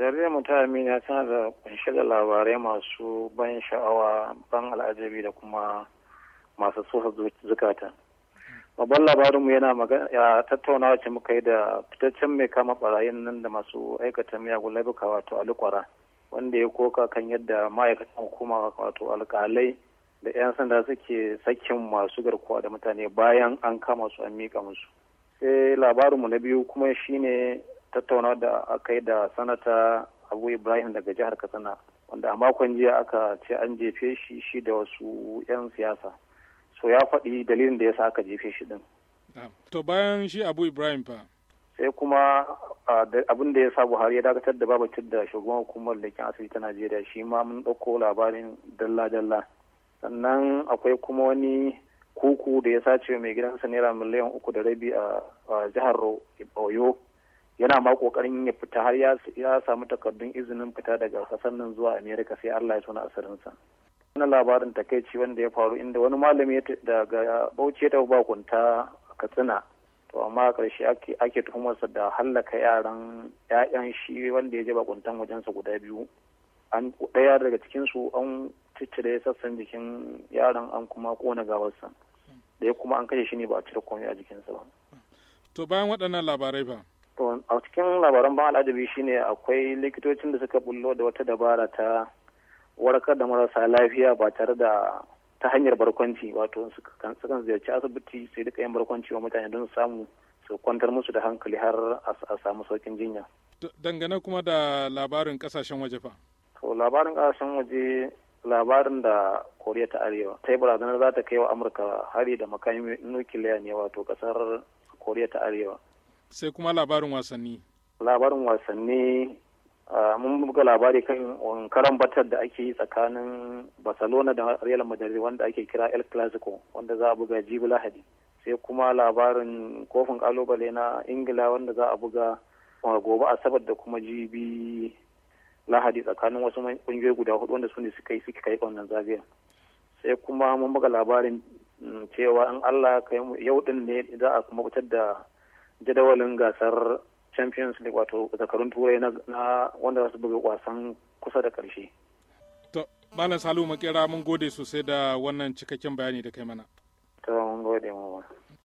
jaridar mu ta amina tana da kunshe da labarai masu ban sha'awa ban al'ajabi da kuma masu sosa zukata babban labarinmu yana magana tattaunawa ce muka yi da fitaccen mai kama barayin nan da masu aikata miyagun laifuka wato alukwara wanda ya koka kan yadda ma'aikatan hukuma wato alkalai da 'yan sanda suke sakin masu garkuwa da mutane bayan an kama su an miƙa musu sai labarinmu na biyu kuma shine tattauna da aka yi da sanata abu ibrahim daga jihar katsina wanda a makon jiya aka ce an jefe shi shi da wasu 'yan siyasa so ya faɗi dalilin da ya sa aka jefe shi din to bayan shi abu ibrahim fa sai kuma abin da ya sa buhari ya dakatar da babacin da shugaban hukumar leƙen asibiti ta najeriya shi ma mun ɗauko labarin dalla-dalla sannan akwai kuma wani kuku da ya sace mai gidansa naira miliyan uku da rabi a jihar oyo yana ma kokarin ya fita har ya samu takardun izinin fita daga kasar nan zuwa america sai allah ya tona asirinsa wani labarin takaici wanda ya faru inda wani malami daga bauchi ta bakunta katsina to amma a karshe ake tuhumarsa da hallaka yaran ya'yan shi wanda ya je bakuntan wajensa guda biyu an daya daga cikinsu an ciccire sassan jikin yaran an kuma kona gawarsa da hmm. ya kuma an kashe shi ne ba a cire komai a jikinsa ba to bayan waɗannan labarai ba To a cikin labaran ban al'ajabi shine akwai likitocin da suka bullo da wata dabara ta warkar da marasa lafiya ba tare da ta hanyar barkwanci wato kan ziyarci asibiti sai duka yin barkwanci wa mutane don samu su kwantar musu da hankali har a samu saukin jinya. Dangane kuma da labarin kasashen waje fa? To labarin kasashen waje labarin da Koriya ta Arewa ta yi barazanar za ta kai wa Amurka hari da makami nukiliya ne wato kasar Koriya ta Arewa. sai kuma labarin wasanni labarin wasanni mun buga labari kan karan batar da ake yi tsakanin barcelona da real madrid wanda ake kira el clasico wanda za a buga jibi lahadi sai kuma labarin kofin kalubale na ingila wanda za a buga gobe asabar da kuma jibi lahadi tsakanin wasu ƙungiyoyi guda hudu wanda su ne suka yi suka yi wannan zagayen sai kuma mun buga labarin mm, cewa in allah yau din ne za a kuma fitar da jadawalin gasar champions league wato zakarun turai na wanda za su buga wasan kusa da ƙarshe. to malam salu makera mun gode sosai da wannan cikakken bayani da kai mana to mun gode mu